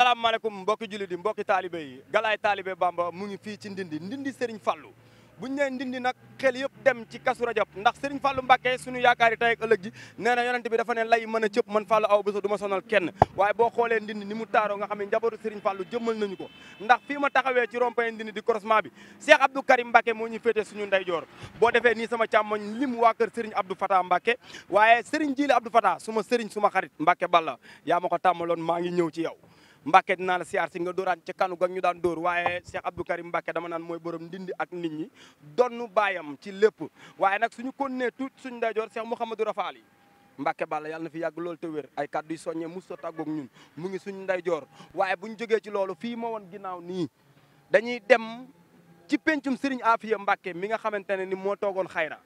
salaamaaleykum mbokki jullit yi mbokki taalibe yi galaay Bamba mu ngi fii ci ndindi ndindi Serigne Fallou bu nee ndindi nag xel yëpp dem ci Kazu Rajab ndax Serigne Fallou Mbacké suñu yaakaar yi tey ak ëllëg ji nee na yonent bi dafa ne lay mën a cëpp man Fallou aw bésa du ma sonal kenn waaye boo xoolee ndindi ni mu taaroo nga xam ne njabootu Serigne Fallou jëmmal nañu ko ndax fii ma taxawee ci rond-point ndindi di croisement bi Cheikh Abdou Karim Mbacké moo ñu féete suñu ndeyjoor boo defee nii sama càmmoñ lim waa kër Serigne Abdou Fatah Mbacké waaye Serigne Jili Abdou Fatah suma Serigne suma xarit Mbacké Balla yaa ma ko tàmmaloon maa ngi ñëw ci yow Mbacke dinaa la siyaar si nga dooraan ca kanu ga ñu daan dóor waaye Cheikh Abdou Karim Mbacke dama naan mooy borom ndindi ak nit ñi donnu baayam ci lépp waaye nag suñu continuer tout suñu ndeyjoor Cheikh Mouhamadou Rafaal yi Mbacke Balla yàlla na fi yàgg loolu te wér ay kàddu yu soññee mos a tàggoog ñun mu ngi suñu ndeyjoor waaye buñ jógee ci loolu fii moo woon ginnaaw nii dañuy dem ci pencum Serigne Afia Mbacke mi nga xamante ne ni moo toogoon xayra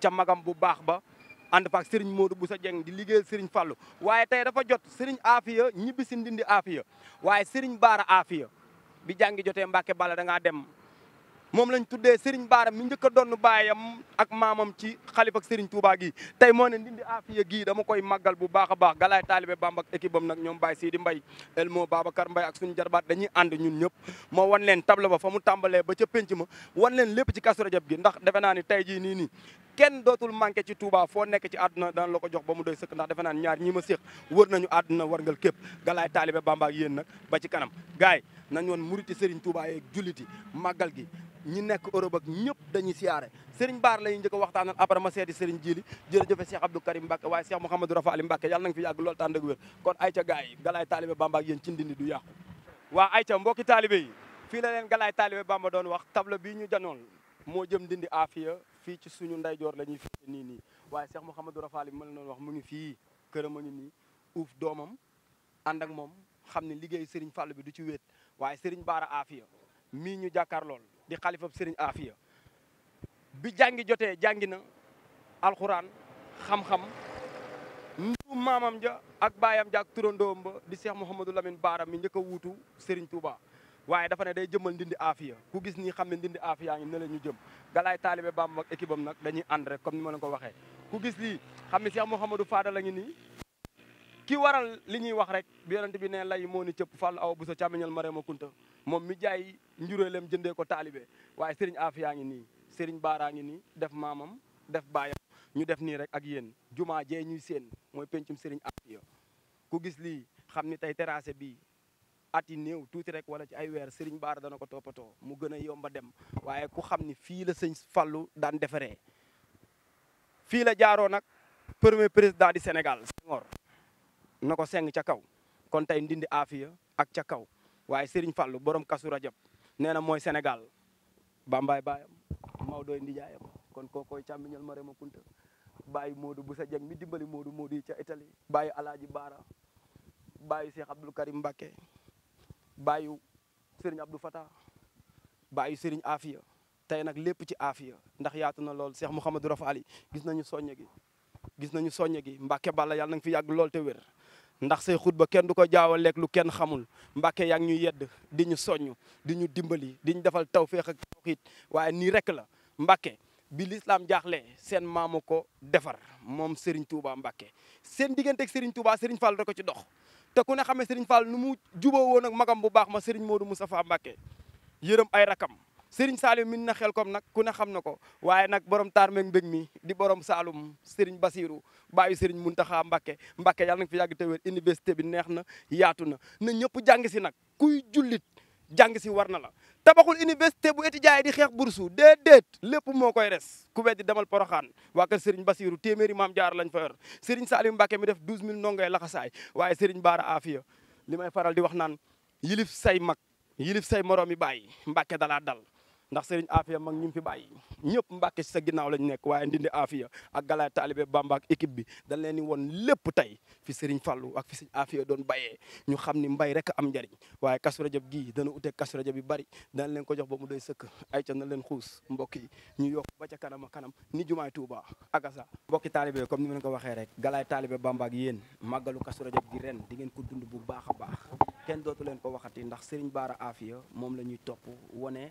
ca magam bu baax ba ànd faak Serigne Modou Boussa Dieng di liggéeyal Serigne Fallou waaye tey dafa jot Serigne Afia ñibbi si ndindi Afia waaye Serigne Baara Afia bi jàngi jotee Mbacke Balla da dem moom lañ tuddee Serigne Baara mi njëkka a doon baayam ak maamam ci xalif ak tuubaa gi gii tey moo ne ndindi afiya gii dama koy màggal bu baax a baax galaay taalibe Bamba ak équipe am nag ñoom Baye Sidi Mbaye Elmo Babacar Mbaye ak suñu jarbaat dañuy ànd ñun ñëpp moo wan leen table ba fa mu tàmbalee ba ca penc ma wan leen lépp ci Kazu Rajab gi ndax defe naa ni tey jii nii nii kenn dootul manqué ci tuubaa foo nekk ci àdduna dana la ko jox ba mu doy sëkk ndax defe naa ñaar ñi ma séq wër nañu àdduna warngal képp galaay taalibe Bamba ak nag ba ci kanam gars yi woon muriti Serigne Touba yeeg julliti màggal gi ñi nek Europe ak ñepp dañuy siaré Serigne bar lay ñëk njëkk waxtaanal après ma seeti Serigne Jili jëfé Cheikh Abdou Karim Mbacke way Cheikh Mouhamadou Rafa Ali Mbacke yalla nang fi yag lool tànd ak wër kon ayca gars yi galaay be Bamba ak yeen ci ndindi du yàqu waa ayca mbokki talibé yi fii la leen galay talibé Bamba doon wax table bi ñu janoon mo jëm ndindi afia fi ci suñu nday la lañuy fi ni ni way Cheikh Mouhamadou Rafa Ali ma wax mu ngi fi kërëm ñu ni uuf doomam ak mom xamni liggéey Serigne Fall bi du ci wét way Serigne bara afia mi ñu jakar lool di khalifa sëriñ Afia bi jàngi jotee jàngi alquran alxuraan xam-xam ndu mamam ja ak baayam ja ak turandoom ba di Cheikh Mouhamadou Lamine Baara mi njëkk a Serigne Touba waaye dafa ne day jëmmal ndindi Afia ku gis nii xam ne Afia ngi ne la ñu jëm galaay taalibe Bamba ak équipe am nag dañuy ànd rek comme ni ma ko waxee ku gis lii xam Cheikh Fada la ngi ki waral li ñuy wax rek bi yonent bi ne lay moo ni cëpp fàll aw bu sa kunta moom mi jaay njuréelem jëndee ko taalibe waaye sëriñ Afia ngi ni sëriñ bara ngi ni def mamam, def bayam ñu def ni rek ak yéen jumaa jee ñuy seen mooy pencum sëriñ Afia ku gis lii xam ni tey terrasse bi at yi néew rek wala ci ay weer sëriñ Baara dana ko toppatoo mu gën yomba dem waaye ku xam ni fii la Fallu daan defaree fii la jaaroo nag premier président du Sénégal Senghor na seng ca kaw kon ndindi Afia ak ca kaw waye Serigne falu borom Kasu Rajab neena moy Senegal, bambay bayam, mawdo ndijayam kon kokoy càmmiñal ma rema kunta busa Modou bu sa jeg mi dimbali Modou Modou ci ca baye bàyyi bara baye Cheikh Abdoul Karim mbake baye Serigne Abdou Fatah baye Serigne Afia tay nak lepp ci Afia ndax yatuna lol Cheikh mohammed Rafa Ali gis nañu soñe gi gis nañu soñe gi mbake Balla yalla nang fi yag lol te ndax say xutba kenn du ko jaawaleeg lu kenn xamul mbàkke yaa ngi ñu yedd di ñu soññ di ñu dimbali di ñu defal tawféex ak tawxiit waaye nii rek la mbàkke bi lislaam jaaxlee seen maamu ko defar moom Serigne Touba Mbàkke seen digganteeg Serigne Touba Serigne Fall rek ko ci dox te ku ne xamee Serigne Fall nu mu juboo woon ak magam bu baax ma Serigne Modou Moustapha mbake yërëm ay rakam Serigne Saliou min na xel kom nag ku ne xam na ko waaye nag borom taar meeg mbég mi di borom Saalum Serigne Basirou bàyyi Serigne Mountakha mbake mbake yàlla na fi yàgg te wér université bi neex na yaatu na na ñëpp jàng si nag kuy jullit jàng si war na la tabaxul université bu étudiant yi di xeex bursu déedéet lépp moo koy res ku weddi demal poroxaan waa kër Serigne Basirou téeméeri maam jaar lañ fa yor Serigne Saliou mbake mi def 12000 ndongoy laxasaay waaye Serigne Bara Afia li may faral di wax naan yilif say mag yilif say moroom yi bàyyi dalaa dal ndax sëriñ Afia mag ñu fi baay ñëpp Mbàkke ci sa ginnaaw lañ nekk waaye Ndindi Afia ak Galaye Talibé Bamba ak équipe bi dañ leen ni woon lépp tey fi sëriñ Fallou ak fi sëriñ Afia doon bayee ñu xam ni mbay rek am njariñ waaye Kazu Rajab gii dana utee Kazu Rajab bi bari dañ leen ko jox ba mu doy sëkk ay ca na leen xuus mbokk yi ñu yokk ba ca kanam ak kanam ni jumaay Touba akasa mbokki Talibé comme ni ma ko waxee rek Galaye Talibé Bamba ak yéen màggalu kas Rajab gi di ngeen ko dund bu baax a baax kenn dootu leen ko waxati ndax sëriñ Baara Afia moom la ñuy topp wone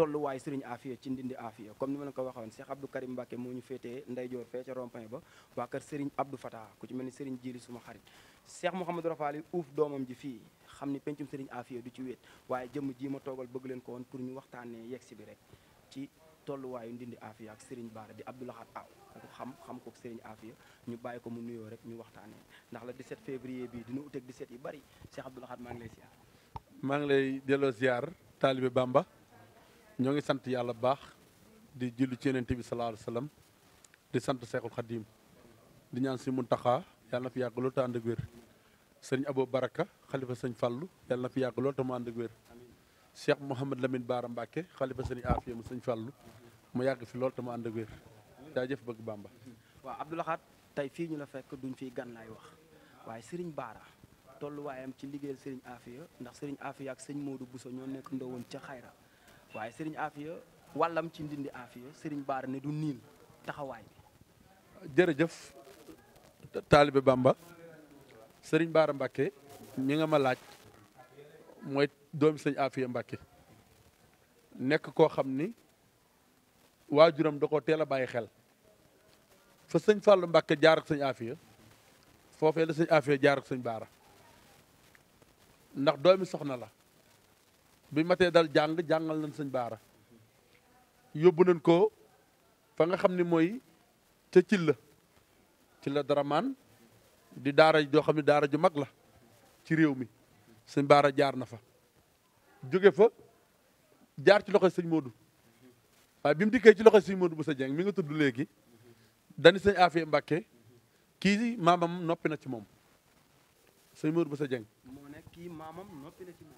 tolluwaay Serigne Afia ci ndindi Afia comme ni ma leen ko waxoon Cheikh Abdou Karim Mbacke moo ñu féetee ndeyjoor fee ca rond-point ba waa kër Serigne Abdou Fatah ku ci mel ni Serigne Jili suma xarit Cheikh Mouhamadou Rafali uuf doomam ji fii xam ni pencum Serigne Afia du ci wéet waaye jëmm ji ma toogal bëgg leen ko woon pour ñu waxtaanee yegg si bi rek ci tolluwaayu ndindi Afia ak Serigne Bara di Abdou Lahad Aw xam xam ko Serigne Afia ñu bàyyi ko mu nuyoo rek ñu waxtaanee ndax la 17 février bi dina uteeg 17 yu bari Cheikh Abdou maa ngi lay ziar. maa ngi lay delloo ziar Talibe Bamba. ñoo ngi sant yàlla baax di jullu ci yenen bi sallallahu alayhi wasallam di sant cheikhul Khadim di ñaan si muntaha yalla fi yàgg ta and ak wér Baraka khalifa serigne Fallu yalla fi yàgg ta mo and ànd ak wér Cheikh mohammed Lamine Baara Mbàkke khalifa serigne Afiya mu serigne Fallu mu yag fi lol ta mo and ak wér jef bëgg bamba wa Abdou khat tay fi ñu la fekk duñ fi gan lay wax waye Serigne tollu wayam ci Serigne Afiya ndax Serigne Afiya ak serigne Modou Bousso ñoo nekk ci khayra waaye Serigne Afia wàllam ci ndindi Afia Serigne Baara ne du niin taxawaay bi. jërëjëf taalibe Bamba Serigne Baara Mbacke mi nga ma laaj mooy doomi sëñ Afia Mbacke nekk koo xam ni waajuram da koo teel a bàyyi xel fa sëñ Fallou Mbacke jaar sëñ Afia foofee la sëñ Afia jaar sëñ Baara ndax doomi soxna la. bi matee dal jàng jàngal nañ sëñ baara yóbbu nañ ko fa nga xam ni mooy ca cil la ci dara maan di daara joo xam ne daara ju mag la ci réew mi sëñ baara jaar na fa jóge fa jaar ci loxo sëñ Modou waaye bi mu dikkee ci loxo sëñ Modou bu sa jeng mi nga tudd léegi dani sëñ Afia Mbàkke kii maamam noppi na ci moom sëñ Modou bu sa jeng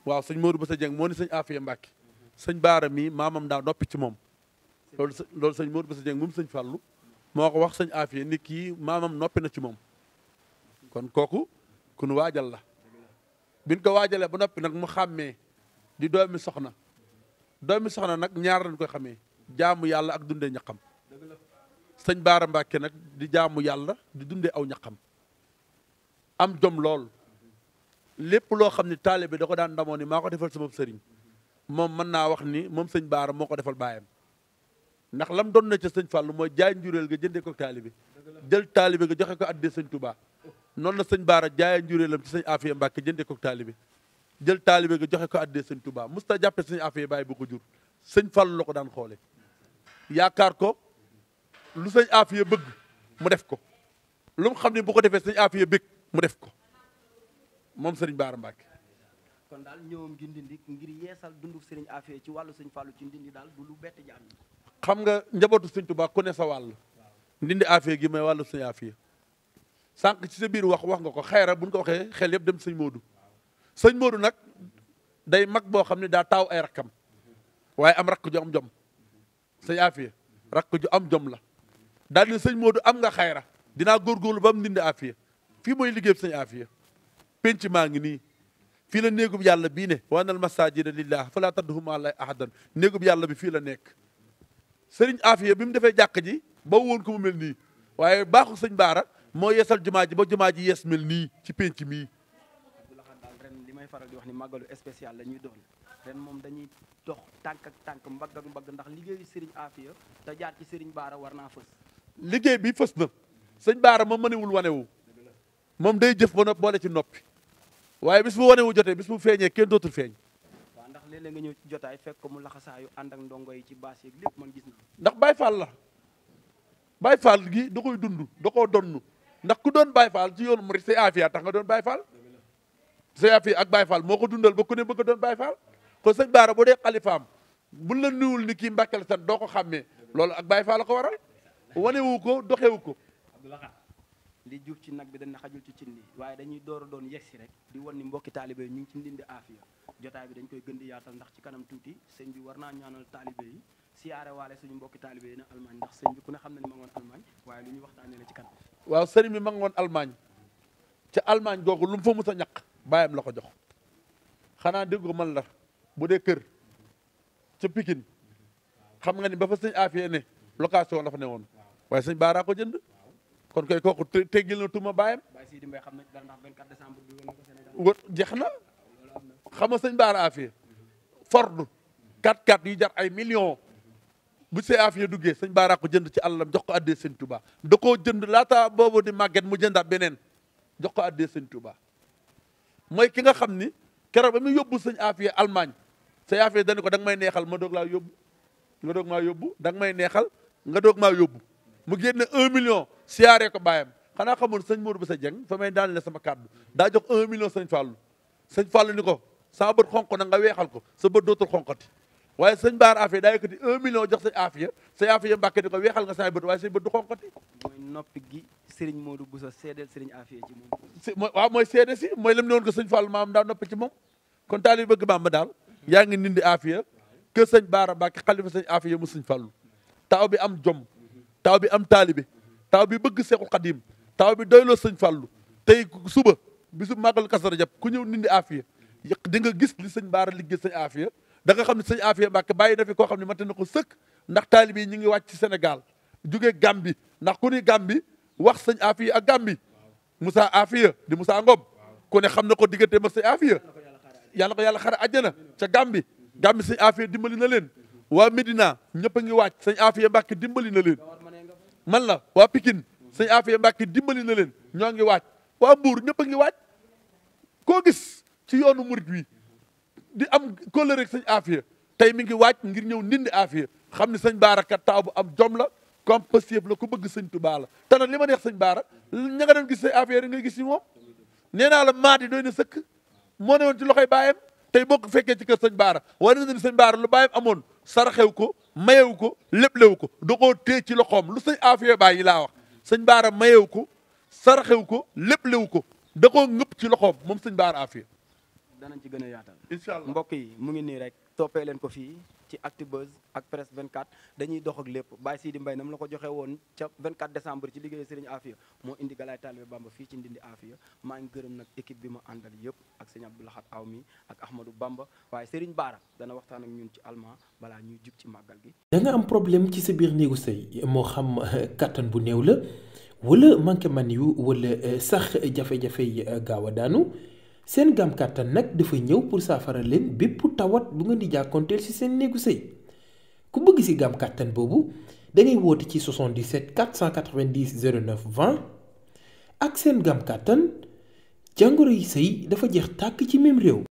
waaw sëñ Modou sa Dieng moo ni sëñ Afia Mbacke sëñ Baara mii maamam daa noppi ci moom loolu loolu sëñ Modou Boussa Dieng moom sëñ Fallou moo ko wax sëñ Afia ni kii maamam noppi na ci moom kon kooku ku waajal la biñ ko waajalee ba noppi nag mu xàmmee di doomi soxna doomi soxna nag ñaar lañ koy xamee jaamu yàlla ak dundee ñaqam sëñ Baara Mbacke nag di jaamu yàlla di dundee aw ñaqam am jom lool lépp loo xam ni taalibe da ko daan ndamoo ni maa ko defal sama sëriñ moom mën naa wax ni moom sëñ Baara moo ko defal baayam ndax lam doon na ca sëñ Fàllu mooy jaay njureel ga jëndee ko taalibe jël taalibe ga joxe ko addee sëñ Touba noonu la sëñ Baara jaayee njureelam ci sëñ Afiya Mbàkke jëndee ko taalibe jël taalibe ga joxe ko addee sëñ Touba musta jàppe sëñ Afiya Baay bu ko jur sëñ Fàllu la ko daan xoole yaakaar ko lu sëñ Afiya bëgg mu def ko lu xam ne bu ko defee sëñ Afiya bëgg mu def ko moom sëriñ Baara Mbacke. kon daal ñëwam gi ngir yeesal dundu sëriñ Afia ci wàllu sëñ Fallou ci ndindi daal du lu bett xam nga njabootu sëñ Touba ku ne sa wàll. ndindi Afia gi may wàllu sëñ Afia. sànq ci sa biir wax wax nga ko xayra bu ñu ko waxee xel yëpp dem sëñ Modou. sëñ Modou nag day mag boo xam ne daa taaw ay rakkam waaye am rakk ju am jom sëñ Afia ju am jom la daal di sëñ moodu am nga xayra dinaa góorgóorlu ba mu ndindi Afia fii mooy liggéey sëñ Afia penc maa ngi nii fii la néegub yàlla bii ne wa anal masajida lillah falaa tad'u ma'a llaahi ahadan néegub yàlla bi fii la nekk sëriñ Afiya bi mu defee jàkk ji ba ko mu mel nii waaye baaxul sëñ Baara moo yeesal jumaa ji ba jumaa ji yees mel nii ci penc mii ren li may faral di wax ni màggalu spécial la ñuy doon ren moom dañuy dox tànk ak tànk mbagg ak mbagg ndax liggéeyu sëriñ Afiya te jaar ci Baara war naa fës liggéey bi fës na sëñ Baara moom mënewul wanewu moom day jëf ba boole ci noppi waaye bis bu wane wu jotee bis bu feeñee kenn dootul feeñ ndax léeg-léeg nga ñëw ci jotaay fekk ko mu laxasaayu ànd ak yi ci baas yeeg man gis na ndax Baye Fall la Baye Fall gi da koy dund da koo donn ndax ku doon Baye Fall ci yoonu murid say aafiya tax nga doon Baye Fall say aafiya ak Baye Fall moo ko dundal ba ku ne bëgg a doon Baye Fall kon sa Baara bu dee xalifaam bu la nuyul ni kii Mbàkke la sant doo ko xàmmee loolu ak Baye Fall la ko waral wane ko doxewu ko li jub ci nag bi dana xajul ci cin li waaye dañuy door a doon yegsi rek di wan ni mbokki taalibe yi ñu ngi ci ndindi aafiya jotaay bi dañ koy gën yaatal ndax ci kanam tuuti sëñ bi war naa ñaanal taalibe yi siyaare waale suñu mbokki taalibe yi na Allemagne ndax sëñ bi ku ne xam na ni ma ngoon Allemagne waaye lu ñuy waxtaanee la ci kanam waaw sëriñ bi ma ngoon Allemagne ca Allemagne googu lu mu fa mus a ñàkk bàyyam la ko jox xanaa déggu man la bu dee kër ca Pikine nga ni ba fa la fa kon kay kooku teggil na tuuma bàyyam. Baye Sidi Mbaye xam na dara ndax 24 décembre bi woon na ko Sénégal. wër jeex na xam nga sëñ Baara Afia. Ford 4x4 yu jar ay millions. bu see Afia duggee sañ Baara ko jënd ci àllam jox ko addee sëñ Touba da koo jënd laata boobu di màgget mu jëndaat beneen jox ko addee sëñ Touba. mooy ki nga xam ni keroog ba mu yóbbu sañ Afia Allemagne sëñ Afia dañu ko danga may neexal ma doog laa yóbbu nga doog maa yóbbu danga may neexal nga doog maa yóbbu mu génne 1 million. siyaaree ko baayam xanaa xamoon sëñ Modou Boussa Dieng fa may daan le sama kàddu daa jox un million sëñ Fallou sëñ Fallou ni ko sa bët xonq na nga weexal ko sa bët dootul xonqati waaye sëñ Baar Afia daa yëkkati un million jox sëñ Afia sëñ Afia Mbàkke ni ko weexal nga say bët waaye say bët du xonqati mooy noppi gi sëriñ Modou Boussa seedeel sëriñ Afia ci moom si mooy seede si mooy lam ne woon ko sëñ Fallou maam daa noppi ci moom kon taali bëgg maam ma daal yaa ngi nindi Afia kër sëñ Baara Mbàkke bi am jom bi taaw bi bëgg seexul xadim taaw bi doyloo sëñ fàllu tey suba bi bisu màggal Kazu Rajab ku ñëw nindi aafiya di nga gis li sëñ baara liggéey sëñ aafiya da nga xam ne sëñ aafiya Mbàkke bàyyi na fi koo xam ne mate na ko sëkk ndax taalibe yi ñu ngi wàcc ci Sénégal jóge Gàmbi ndax ku ni Gàmbi wax sëñ aafiya ak Gàmbi Moussa aafiya di Moussa Ngom ko ne xam na ko diggante ma sëñ aafiya yàlla ko yàlla xare àjjana ca Gàmbi Gàmbi sëñ aafiya dimbali na leen waa Medina ñëpp a ngi wàcc sëñ aafiya dimbali na man la waa Pikine sëñ Afia Mbacke dimbali na leen ñoo ngi waaj waa Mbour ñëpp a ngi waaj koo gis ci yoonu murit wi di am kóllëre rek sëñ Afia tey mi ngi waaj ngir ñëw ndindi Afia xam ne sëñ Baara kat taaw bu am jom la compétitif la ku bëgg sëñ Tuubaa la te nag ma neex sëñ Baara ña nga gis sëñ Afia rek ngay gis ci moom nee naa la maat yi doy na sëkk moo ne woon ci loxoy baayam tey boo ko fekkee ci kër sëñ Baara war na ni sëñ Baara lu baayam amoon saraxew ko mayewu ko léblewu ko da koo téye ci loxoom lu sëñ Afia bàyyi laa wax sëñ Baara mayewu ko saraxewu ko léblewu ko da koo ngëpp ci loxoom moom sëñ Baara Afia danañ ci gën a yaatal. incha allah mbokk yi mu ngi nii rek toppee leen ko fii ci Actubuzz ak presse 24 dañuy dox ak lépp Baye Sidi Mbaye nam la ko joxe woon ca 24 décembre ci liggéeyu Serigne Afia moo indi Galaye Talibé Bamba fii ci Ndindi Afia maa ngi gërëm nag équipe bi ma àndal yëpp ak Serigne Abdou Lahad Aw ak Ahmadou Bamba waaye Serigne Baara dana waxtaan ak ñun ci almaa balaa ñuy jub ci màggal gi. da nga am problème ci sa biir néegu sëy moo xam euh, kattan bu néew la wala manqué man yu wala euh, seen gam kàttan nag dafa ñëw pour saafara leen bépp tawat bu ngeen di jàkkoonteel ci seen néegu sëy ku bëgg ci gam kàttan boobu da ngay woote ci 77 490 09 20 ak seen gam kàttan jàngoro yi sëy dafa jeex tàkk ci même réew.